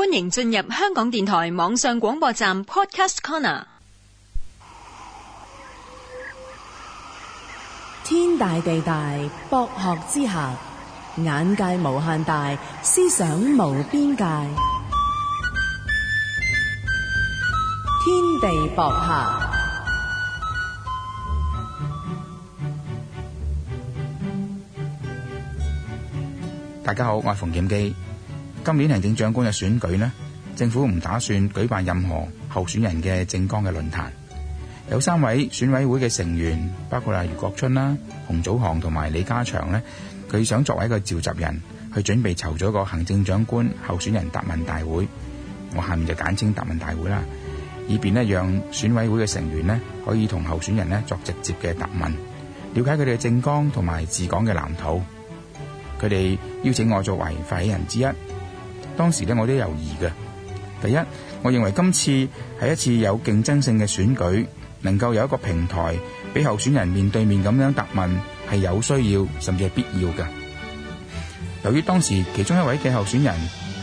歡迎進入香港電台網上廣播站 Podcast Corner。天大地大，博學之下；眼界無限大，思想無邊界。天地博客。大家好，我係馮檢基。今年行政長官嘅選舉咧，政府唔打算舉辦任何候選人嘅政綱嘅論壇。有三位選委會嘅成員，包括啦余國春啦、洪祖航同埋李家祥咧，佢想作為一個召集人去準備籌咗個行政長官候選人答問大會。我下面就簡稱答問大會啦，以便咧讓選委會嘅成員咧可以同候選人咧作直接嘅答問，了解佢哋嘅政綱同埋治港嘅藍圖。佢哋邀請我作為發起人之一。當時咧，我都猶豫嘅。第一，我認為今次係一次有競爭性嘅選舉，能夠有一個平台俾候選人面對面咁樣答問，係有需要，甚至係必要嘅。由於當時其中一位嘅候選人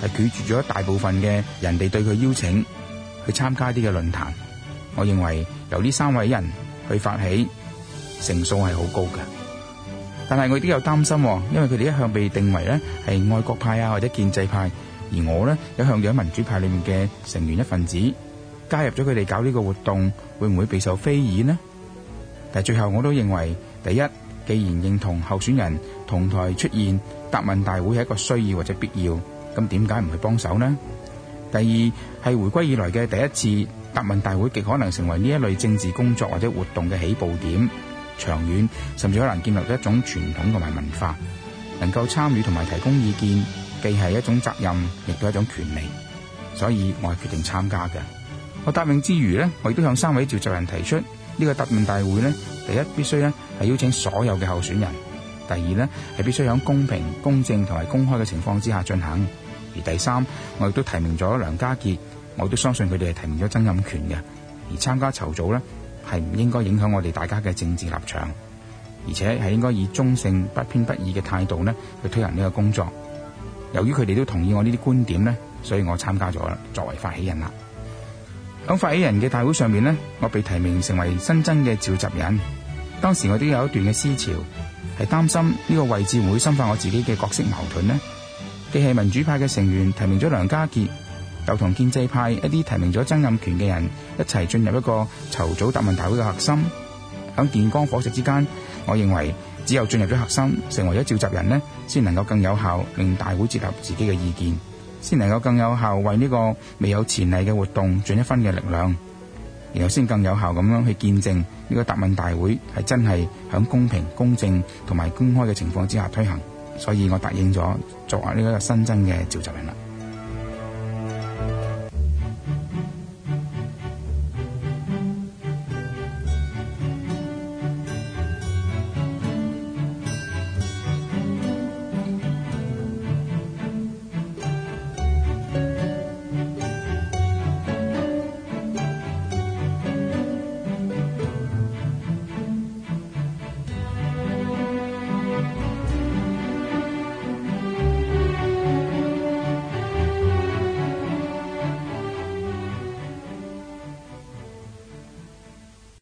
係拒絕咗大部分嘅人哋對佢邀請去參加啲嘅論壇，我認為由呢三位人去發起，成數係好高嘅。但係我都有擔心，因為佢哋一向被定為咧係愛國派啊，或者建制派。而我呢，一向喺民主派裏面嘅成員一份子，加入咗佢哋搞呢個活動，會唔會備受非議呢？但最後我都認為，第一，既然認同候選人同台出現，答問大會係一個需要或者必要，咁點解唔去幫手呢？第二，係回歸以來嘅第一次答問大會，極可能成為呢一類政治工作或者活動嘅起步點，長遠甚至可能建立一種傳統同埋文化，能夠參與同埋提供意見。既係一種責任，亦都係一種權利，所以我係決定參加嘅。我答應之餘呢，我亦都向三位召集人提出呢，呢個答問大會呢，第一必須呢係邀請所有嘅候選人；第二係必須喺公平、公正同埋公開嘅情況之下進行。而第三，我亦都提名咗梁家傑，我都相信佢哋係提名咗曾蔭權嘅。而參加籌組呢，係唔應該影響我哋大家嘅政治立場，而且係應該以中性、不偏不倚嘅態度呢去推行呢個工作。由於佢哋都同意我呢啲觀點呢，所以我參加咗，作為發起人啦。響發起人嘅大會上面呢，我被提名成為新增嘅召集人。當時我都有一段嘅思潮，係擔心呢個位置會唔會深化我自己嘅角色矛盾呢，既係民主派嘅成員提名咗梁家傑，又同建制派一啲提名咗曾蔭權嘅人一齊進入一個籌組答問大會嘅核心。喺電光火石之間，我認為只有進入咗核心，成為咗召集人咧，先能夠更有效令大會接納自己嘅意見，先能夠更有效為呢個未有前例嘅活動盡一分嘅力量，然後先更有效咁樣去見證呢個答問大會係真係響公平、公正同埋公開嘅情況之下推行，所以我答應咗作為呢個新增嘅召集人啦。